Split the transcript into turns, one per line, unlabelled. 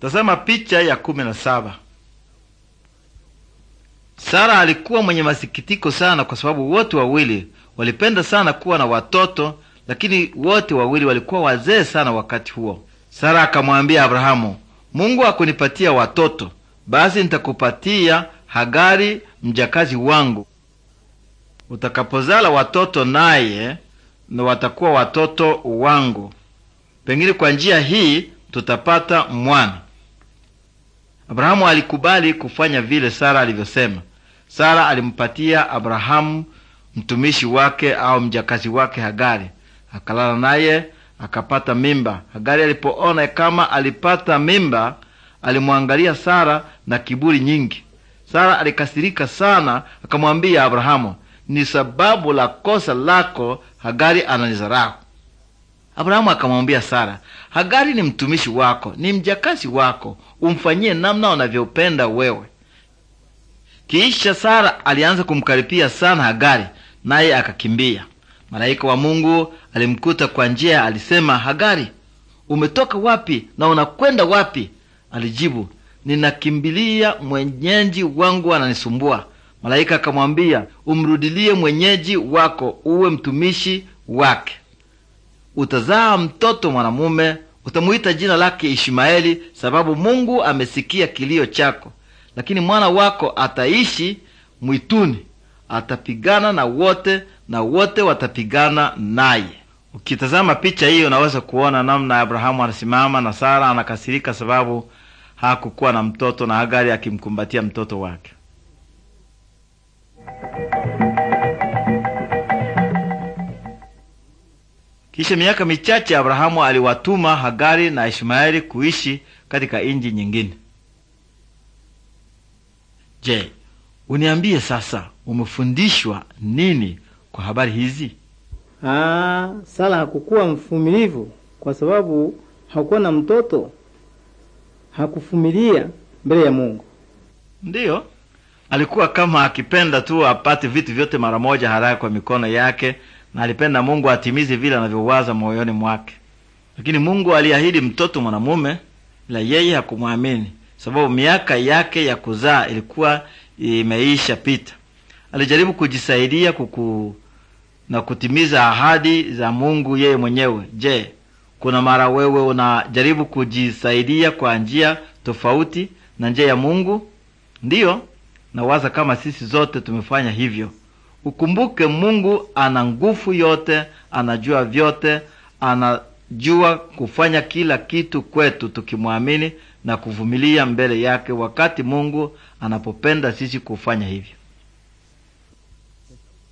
Tazama picha ya kumi na saba. Sara alikuwa mwenye masikitiko sana kwa sababu wote wawili walipenda sana kuwa na watoto, lakini wote wawili walikuwa wazee sana wakati huo. Sara akamwambia Abrahamu, Mungu akunipatia watoto, basi nitakupatia Hagari mjakazi wangu. Utakapozala watoto naye na watakuwa watoto wangu. Pengine kwa njia hii tutapata mwana. Abrahamu alikubali kufanya vile Sara alivyosema. Sara alimpatia Abrahamu mtumishi wake au mjakazi wake Hagari, akalala naye akapata mimba. Hagari alipoona kama alipata mimba, alimwangalia Sara na kiburi nyingi. Sara alikasirika sana, akamwambia Abrahamu, ni sababu la kosa lako Hagari ananizarahu. Abrahamu akamwambia Sara, Hagari ni mtumishi wako, ni mjakazi wako, umfanyie namna unavyopenda wewe. Kisha Sara alianza kumkaripia sana Hagari, naye akakimbia. Malaika wa Mungu alimkuta kwa njia, alisema, Hagari, umetoka wapi na unakwenda wapi? Alijibu, ninakimbilia mwenyeji wangu ananisumbua. Malaika akamwambia, umrudilie mwenyeji wako, uwe mtumishi wake utazaa mtoto mwanamume, utamuita jina lake Ishmaeli, sababu Mungu amesikia kilio chako. Lakini mwana wako ataishi mwituni, atapigana na wote na wote watapigana naye. Ukitazama picha hiyo, unaweza kuona namna Abrahamu anasimama na Sara anakasirika, sababu hakukuwa na mtoto na Hagari akimkumbatia mtoto wake. Kisha miaka michache Abrahamu aliwatuma Hagari na Ishmaeli kuishi katika inji nyingine. Je, uniambie sasa umefundishwa nini kwa habari hizi? Aa, ah, Sara hakukuwa mfumilivu kwa sababu hakuwa na mtoto. hakufumilia mbele ya Mungu. Ndiyo, alikuwa kama akipenda tu apate vitu vyote mara moja haraka kwa mikono yake na alipenda Mungu atimize vile anavyowaza moyoni mwake. Lakini Mungu aliahidi mtoto mwanamume, ila yeye hakumwamini, sababu miaka yake ya kuzaa ilikuwa imeisha pita. Alijaribu kujisaidia kuku na kutimiza ahadi za Mungu yeye mwenyewe. Je, kuna mara wewe unajaribu kujisaidia kwa njia tofauti na njia ya Mungu? Ndiyo, nawaza kama sisi zote tumefanya hivyo. Ukumbuke Mungu ana nguvu yote, anajua vyote, anajua kufanya kila kitu kwetu tukimwamini na kuvumilia mbele yake wakati Mungu anapopenda sisi kufanya hivyo.